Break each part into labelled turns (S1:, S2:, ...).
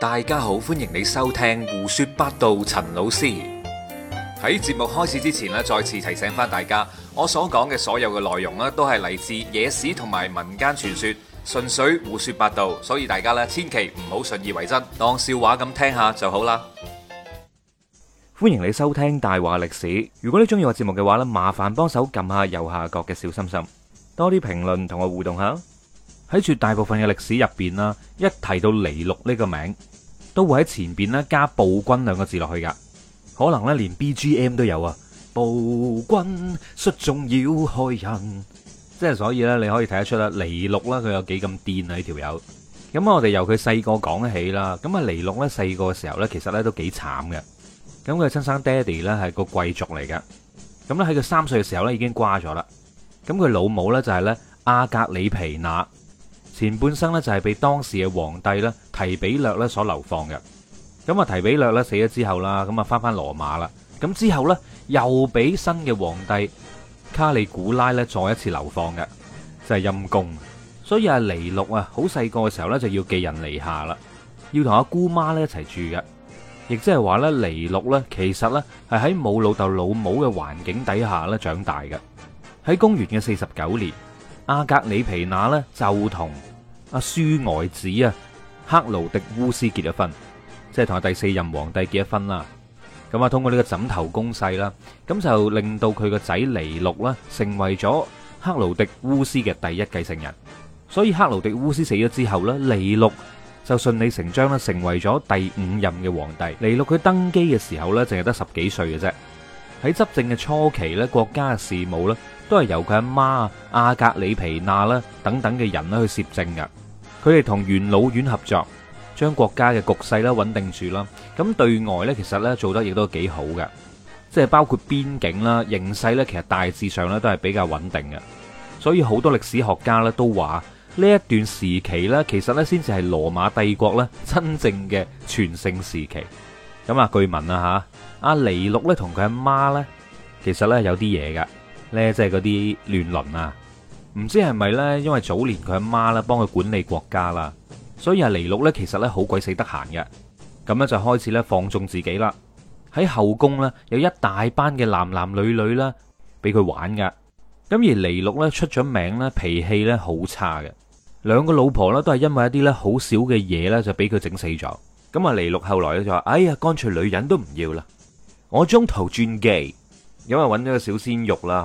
S1: 大家好，歡迎你收聽胡說八道。陳老師喺節目開始之前咧，再次提醒翻大家，我所講嘅所有嘅內容咧，都係嚟自野史同埋民間傳說，純粹胡說八道，所以大家咧千祈唔好信以為真，當笑話咁聽下就好啦。歡迎你收聽大話歷史。如果你中意我節目嘅話咧，麻煩幫手撳下右下角嘅小心心，多啲評論同我互動下。喺絕大部分嘅歷史入邊啦，一提到尼禄呢個名，都會喺前邊咧加暴君兩個字落去噶。可能咧連 BGM 都有啊！暴君率眾要害人，即係所以咧，你可以睇得出啦，尼禄咧佢有幾咁癲啊呢條友。咁、這個、我哋由佢細個講起啦。咁啊，尼禄咧細個嘅時候咧，其實咧都幾慘嘅。咁佢親生爹地咧係個貴族嚟噶。咁咧喺佢三歲嘅時候咧已經瓜咗啦。咁佢老母咧就係咧阿格里皮娜。前半生呢，就係被當時嘅皇帝咧提比略咧所流放嘅，咁啊提比略咧死咗之後啦，咁啊翻翻羅馬啦，咁之後呢，又俾新嘅皇帝卡里古拉咧再一次流放嘅，就係陰公。所以阿尼祿啊，好細個嘅時候呢，就要寄人籬下啦，要同阿姑媽咧一齊住嘅，亦即係話呢，尼祿呢其實呢，係喺冇老豆老母嘅環境底下咧長大嘅。喺公元嘅四十九年，阿格里皮娜呢，就同。阿舒呆子啊，克勞迪烏斯結咗婚，即係同阿第四任皇帝結咗婚啦。咁啊，通過呢個枕頭攻勢啦，咁就令到佢個仔尼祿啦，成為咗克勞迪烏斯嘅第一繼承人。所以克勞迪烏斯死咗之後呢，尼祿就順理成章啦，成為咗第五任嘅皇帝。尼祿佢登基嘅時候呢，淨係得十幾歲嘅啫。喺執政嘅初期呢，國家嘅事務呢都係由佢阿媽阿格里皮娜啦等等嘅人啦去攝政㗎。佢哋同元老院合作，將國家嘅局勢啦穩定住啦。咁對外呢，其實咧做得亦都幾好嘅，即係包括邊境啦、形勢呢，其實大致上咧都係比較穩定嘅。所以好多歷史學家咧都話呢一段時期呢，其實咧先至係羅馬帝國咧真正嘅全盛時期。咁啊，據聞啊吓，阿尼祿呢同佢阿媽呢，其實呢有啲嘢嘅呢，即係嗰啲亂倫啊。唔知係咪呢？因為早年佢阿媽呢幫佢管理國家啦，所以阿尼禄呢其實呢好鬼死得閒嘅，咁呢，就開始呢放縱自己啦。喺後宮呢，有一大班嘅男男女女啦，俾佢玩噶。咁而尼禄呢，出咗名呢，脾氣呢好差嘅，兩個老婆呢，都係因為一啲呢好小嘅嘢呢，就俾佢整死咗。咁啊尼禄後來咧就話：哎呀，乾脆女人都唔要啦，我中途轉機，因為揾咗個小鮮肉啦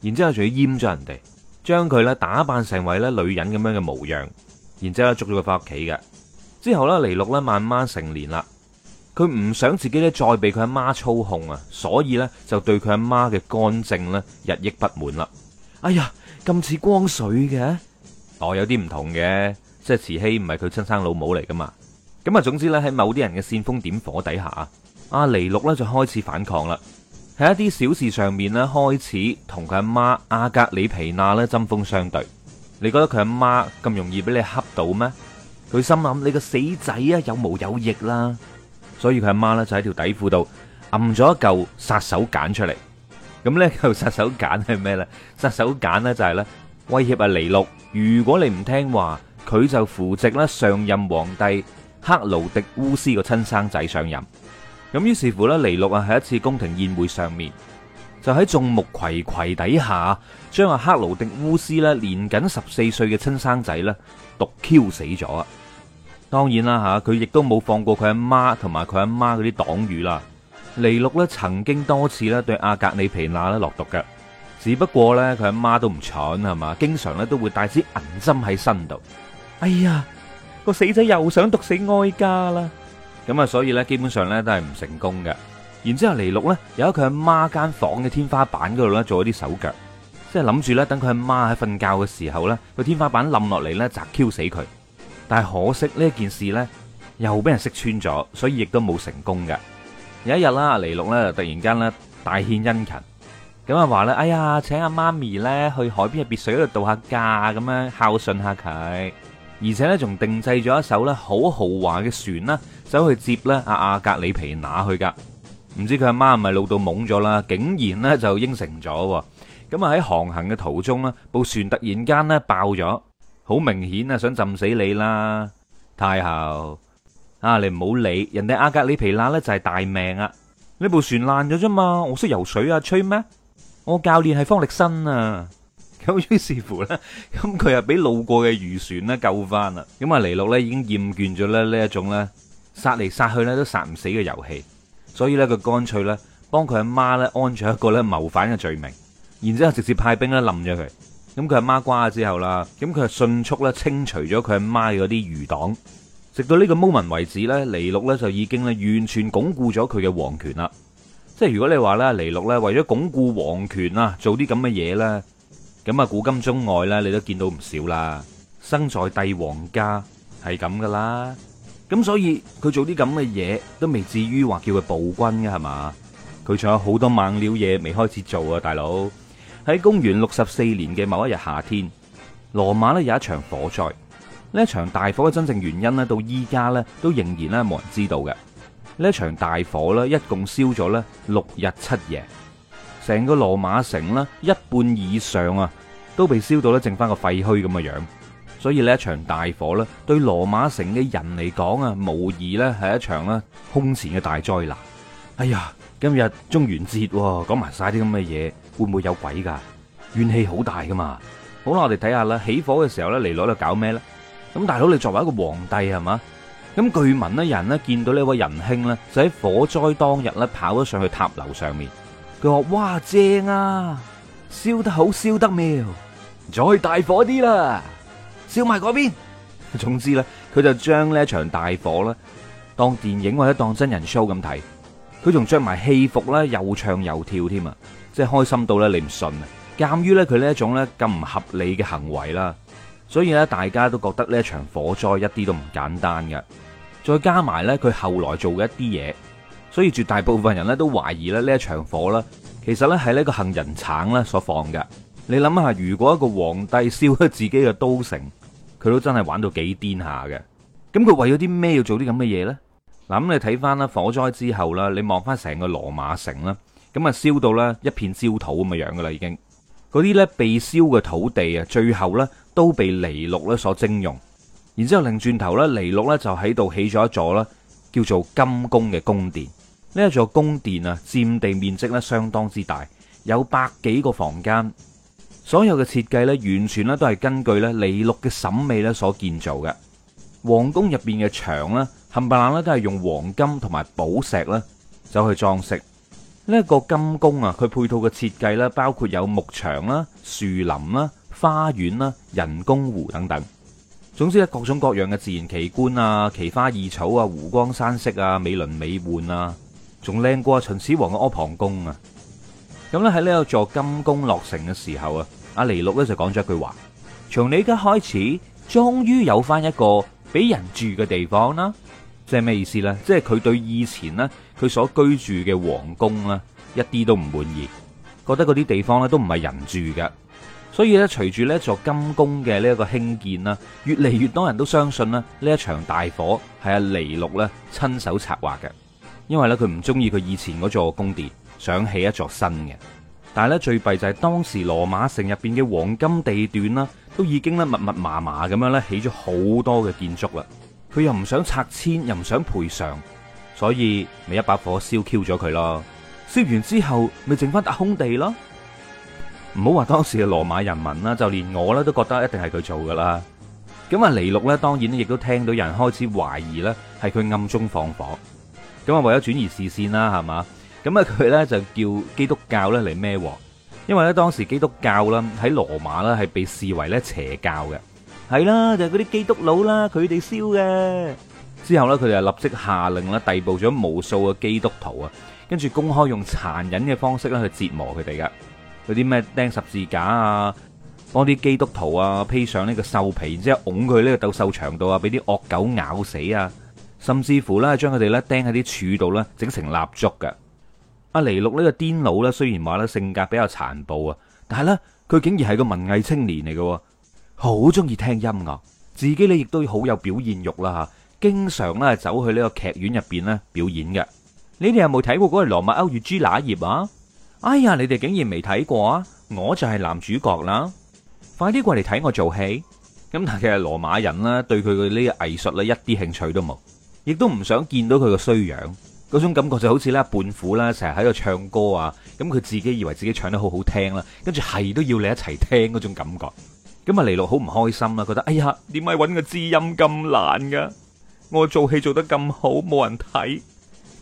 S1: 吓，然之後仲要閹咗人哋。將佢咧打扮成為咧女人咁樣嘅模樣，然之後咧捉咗佢翻屋企嘅。之後呢尼禄咧慢慢成年啦，佢唔想自己咧再被佢阿媽操控啊，所以呢就對佢阿媽嘅干政日益不滿啦。哎呀，咁似光緒嘅，我、哦、有啲唔同嘅，即係慈禧唔係佢親生老母嚟噶嘛。咁啊，總之呢喺某啲人嘅煽風點火底下，阿尼禄呢就開始反抗啦。喺一啲小事上面咧，開始同佢阿媽阿格里皮娜咧針鋒相對。你覺得佢阿媽咁容易俾你恰到咩？佢心諗，你個死仔啊，有毛有翼啦！所以佢阿媽咧就喺條底褲度揞咗一嚿殺手鐧出嚟。咁呢個殺手鐧係咩呢？殺手鐧呢，就係咧威脅阿尼祿，如果你唔聽話，佢就扶植啦上任皇帝克勞迪烏斯個親生仔上任。咁於是乎呢，尼祿啊喺一次宮廷宴會上面，就喺眾目睽睽底下，將阿克勞狄烏斯呢年僅十四歲嘅親生仔呢毒 Q 死咗啊！當然啦吓，佢亦都冇放過佢阿媽同埋佢阿媽嗰啲黨羽啦。尼祿呢曾經多次呢對阿格里皮娜呢落毒嘅，只不過呢，佢阿媽都唔蠢係嘛，經常呢都會帶支銀針喺身度。哎呀，個死仔又想毒死哀家啦！咁啊，所以咧，基本上咧都係唔成功嘅。然之後，尼祿咧，喺佢阿媽間房嘅天花板嗰度咧，做咗啲手腳，即係諗住咧，等佢阿媽喺瞓覺嘅時候咧，個天花板冧落嚟咧，砸 Q 死佢。但係可惜呢一件事咧，又俾人識穿咗，所以亦都冇成功嘅。有一日啦，尼祿咧就突然間咧大獻殷勤，咁啊話咧，哎呀，請阿媽咪咧去海邊嘅別墅嗰度度下假咁樣孝順下佢，而且咧仲定製咗一艘咧好豪華嘅船啦。走去接咧阿阿格里皮娜去噶。唔知佢阿媽係咪老到懵咗啦？竟然咧就應承咗咁啊。喺航行嘅途中呢部船突然間咧爆咗，好明顯啊！想浸死你啦，太后啊！你唔好理人哋阿格里皮娜咧就係大命啊！呢部船爛咗啫嘛，我識游水啊，吹咩？我教練係方力申啊，咁於是乎咧，咁佢又俾路過嘅漁船咧救翻啦。咁啊，尼祿咧已經厭倦咗咧呢一種咧。殺嚟殺去咧都殺唔死嘅遊戲，所以咧佢乾脆咧幫佢阿媽咧安咗一個咧謀反嘅罪名，然之後直接派兵咧冧咗佢。咁佢阿媽瓜咗之後啦，咁佢迅速咧清除咗佢阿媽嗰啲餘黨。直到呢個 moment 為止咧，尼祿咧就已經咧完全鞏固咗佢嘅皇權啦。即係如果你話咧尼祿咧為咗鞏固皇權啊，做啲咁嘅嘢，啦，咁啊古今中外咧你都見到唔少啦。生在帝王家係咁噶啦。咁所以佢做啲咁嘅嘢都未至於話叫佢暴君嘅係嘛？佢仲有好多猛料嘢未開始做啊！大佬喺公元六十四年嘅某一日夏天，羅馬呢有一場火災。呢一場大火嘅真正原因呢，到依家呢都仍然呢冇人知道嘅。呢一場大火呢，一共燒咗呢六日七夜，成個羅馬城呢，一半以上啊都被燒到呢，剩翻個廢墟咁嘅樣。所以呢一場大火咧，對羅馬城嘅人嚟講啊，無疑咧係一場咧空前嘅大災難。哎呀，今日中元節，講埋晒啲咁嘅嘢，會唔會有鬼噶？怨氣好大噶嘛。好啦，我哋睇下啦，起火嘅時候咧，尼祿喺度搞咩咧？咁大佬，你作為一個皇帝係嘛？咁據聞呢，人呢見到呢位仁兄呢，就喺火災當日咧跑咗上去塔樓上面，佢話：哇，正啊，燒得好，燒得妙，再大火啲啦！燒埋嗰邊，總之呢，佢就將呢一場大火咧當電影或者當真人 show 咁睇，佢仲着埋戲服啦，又唱又跳添啊，即係開心到咧，你唔信啊？鑒於呢，佢呢一種咧咁唔合理嘅行為啦，所以咧大家都覺得呢一場火災一啲都唔簡單嘅。再加埋呢，佢後來做嘅一啲嘢，所以絕大部分人呢都懷疑咧呢一場火呢其實咧係呢個杏仁橙呢所放嘅。你諗下，如果一個皇帝燒咗自己嘅都城，佢都真係玩到幾癲下嘅，咁佢為咗啲咩要做啲咁嘅嘢呢？嗱，咁你睇翻啦，火災之後啦，你望翻成個羅馬城啦，咁啊燒到咧一片焦土咁嘅樣噶啦，已經嗰啲呢，被燒嘅土地啊，最後呢，都被尼祿咧所徵用，然之後擰轉頭呢，尼祿呢就喺度起咗一座咧叫做金宮嘅宮殿，呢一座宮殿啊，佔地面積呢相當之大，有百幾個房間。所有嘅設計完全都係根據咧尼祿嘅審美所建造嘅。皇宮入邊嘅牆呢，冚唪唥咧都係用黃金同埋寶石走去裝飾。呢一個金宮啊，佢配套嘅設計包括有牧場啦、樹林啦、花園啦、人工湖等等。總之咧，各種各樣嘅自然奇觀啊、奇花異草啊、湖光山色啊、美輪美奐啊，仲靚過秦始皇嘅阿房宮啊！咁咧喺呢一座金宮落成嘅時候啊，阿尼禄咧就講咗一句話：從你而家開始，終於有返一個俾人住嘅地方啦。即係咩意思呢？即係佢對以前呢佢所居住嘅皇宮呢一啲都唔滿意，覺得嗰啲地方呢都唔係人住嘅。所以咧，隨住呢座金宮嘅呢一個興建啦，越嚟越多人都相信咧呢一場大火係阿尼禄咧親手策劃嘅，因為咧佢唔中意佢以前嗰座宮殿。想起一座新嘅，但係咧最弊就係當時羅馬城入邊嘅黃金地段啦，都已經咧密密麻麻咁樣咧起咗好多嘅建築啦。佢又唔想拆遷，又唔想賠償，所以咪一把火燒 Q 咗佢咯。燒完之後咪剩翻笪空地咯。唔好話當時嘅羅馬人民啦，就連我咧都覺得一定係佢做噶啦。咁啊尼祿咧，當然亦都聽到人開始懷疑咧係佢暗中放火。咁啊為咗轉移視線啦，係嘛？咁啊！佢咧就叫基督教咧嚟孭鑊。因為咧當時基督教啦喺羅馬啦係被視為咧邪教嘅，係啦，就係嗰啲基督徒啦，佢哋燒嘅。之後咧佢哋啊立即下令啦，逮捕咗無數嘅基督徒啊，跟住公開用殘忍嘅方式咧去折磨佢哋嘅。有啲咩釘十字架啊，幫啲基督徒啊披上呢個獸皮，之後擁佢呢個鬥獸場度啊，俾啲惡狗咬死啊，甚至乎咧將佢哋咧釘喺啲柱度咧整成蠟燭嘅。阿尼祿呢個癲佬呢，雖然話呢性格比較殘暴啊，但係呢，佢竟然係個文藝青年嚟嘅，好中意聽音樂，自己呢亦都好有表現欲啦吓，經常呢走去呢個劇院入邊呢表演嘅。你哋有冇睇過嗰個《羅密歐與豬乸葉》啊？哎呀，你哋竟然未睇過啊！我就係男主角啦，快啲過嚟睇我做戲。咁但其實羅馬人啦，對佢嘅呢個藝術呢，一啲興趣都冇，亦都唔想見到佢個衰樣。嗰種感覺就好似咧，胖虎啦，成日喺度唱歌啊，咁佢自己以為自己唱得好好聽啦，跟住係都要你一齊聽嗰種感覺。咁啊，尼祿好唔開心啦，覺得哎呀，點解搵個知音咁難噶？我做戲做得咁好，冇人睇，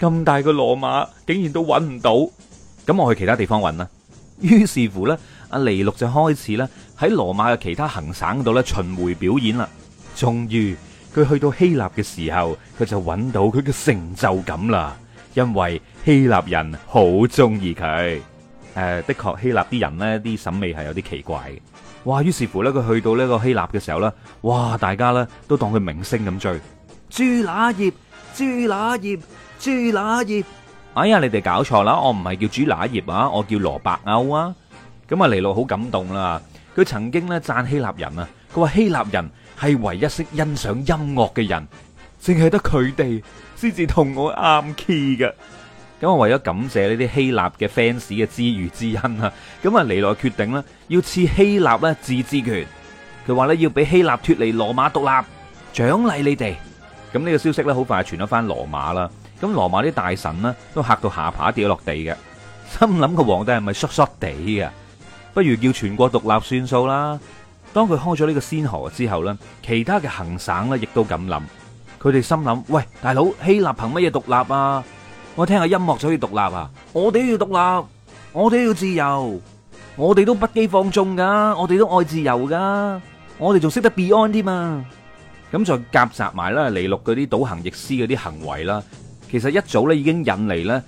S1: 咁大個羅馬竟然都搵唔到，咁我去其他地方搵啦。於是乎咧，阿尼祿就開始咧喺羅馬嘅其他行省度咧巡回表演啦。終於佢去到希臘嘅時候，佢就搵到佢嘅成就感啦。因為希臘人好中意佢，誒，的確希臘啲人咧啲審美係有啲奇怪嘅，哇！於是乎咧佢去到呢個希臘嘅時候咧，哇！大家咧都當佢明星咁追。豬乸葉，豬乸葉，豬乸葉，哎呀你哋搞錯啦，我唔係叫豬乸葉啊，我叫羅伯歐啊。咁啊尼祿好感動啦，佢曾經咧讚希臘人啊，佢話希臘人係唯一識欣賞音樂嘅人。淨係得佢哋先至同我啱 key 噶。咁我為咗感謝呢啲希臘嘅 fans 嘅知遇之恩啊，咁啊嚟落決定要賜希臘自治權。佢話要俾希臘脱離羅馬獨立，獎勵你哋。咁呢個消息咧好快傳咗翻羅馬啦。咁羅馬啲大臣都吓到下巴跌落地嘅，心諗個皇帝係咪 short short 地嘅？不如叫全國獨立算數啦。當佢開咗呢個先河之後，其他嘅行省亦都咁諗。佢哋心諗：喂，大佬，希臘憑乜嘢獨立啊？我聽下音樂就可以獨立啊！我哋都要獨立，我哋要自由，我哋都不羈放縱噶，我哋都愛自由噶，我哋仲識得 Beyond 添嘛，啊？咁就夾雜埋啦，尼祿嗰啲倒行逆施嗰啲行為啦，其實一早咧已經引嚟咧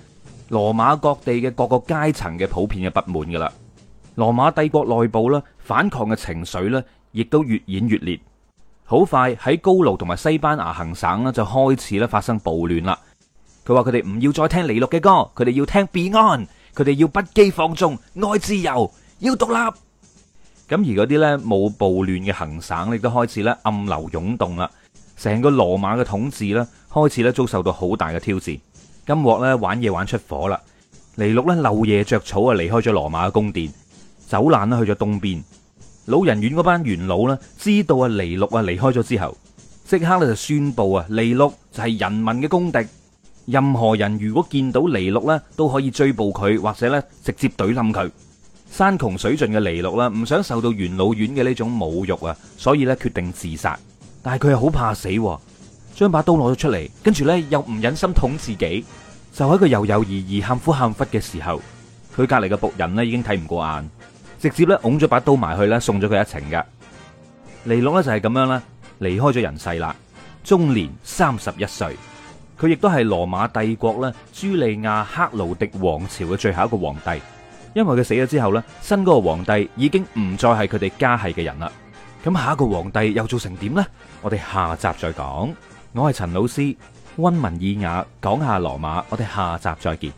S1: 羅馬各地嘅各個階層嘅普遍嘅不滿噶啦，羅馬帝國內部啦反抗嘅情緒咧亦都越演越烈。好快喺高盧同埋西班牙行省呢，就開始咧發生暴亂啦。佢話佢哋唔要再聽尼禄嘅歌，佢哋要聽 Beyond，佢哋要不羈放縱，愛自由，要獨立。咁而嗰啲呢，冇暴亂嘅行省，亦都開始咧暗流湧動啦。成個羅馬嘅統治咧，開始咧遭受到好大嘅挑戰。音樂咧玩嘢玩出火啦，尼禄咧漏夜着草啊，離開咗羅馬嘅宮殿，走難啦去咗東邊。老人院嗰班元老呢，知道阿尼禄啊離開咗之後，即刻咧就宣布啊，尼禄就係人民嘅公敵，任何人如果見到尼禄呢，都可以追捕佢或者咧直接懟冧佢。山窮水盡嘅尼禄啦，唔想受到元老院嘅呢種侮辱啊，所以咧決定自殺。但係佢又好怕死，將把刀攞咗出嚟，跟住呢又唔忍心捅自己，就喺佢猶猶豫豫喊苦喊忽嘅時候，佢隔籬嘅僕人呢已經睇唔過眼。直接咧，拱咗把刀埋去咧，送咗佢一程噶。尼祿呢，就係咁樣啦，離開咗人世啦，終年三十一歲。佢亦都係羅馬帝國咧，朱利亞克勞迪王朝嘅最後一個皇帝。因為佢死咗之後呢，新嗰個皇帝已經唔再係佢哋家系嘅人啦。咁下一個皇帝又做成點呢？我哋下集再講。我係陳老師，溫文爾雅講下羅馬。我哋下集再見。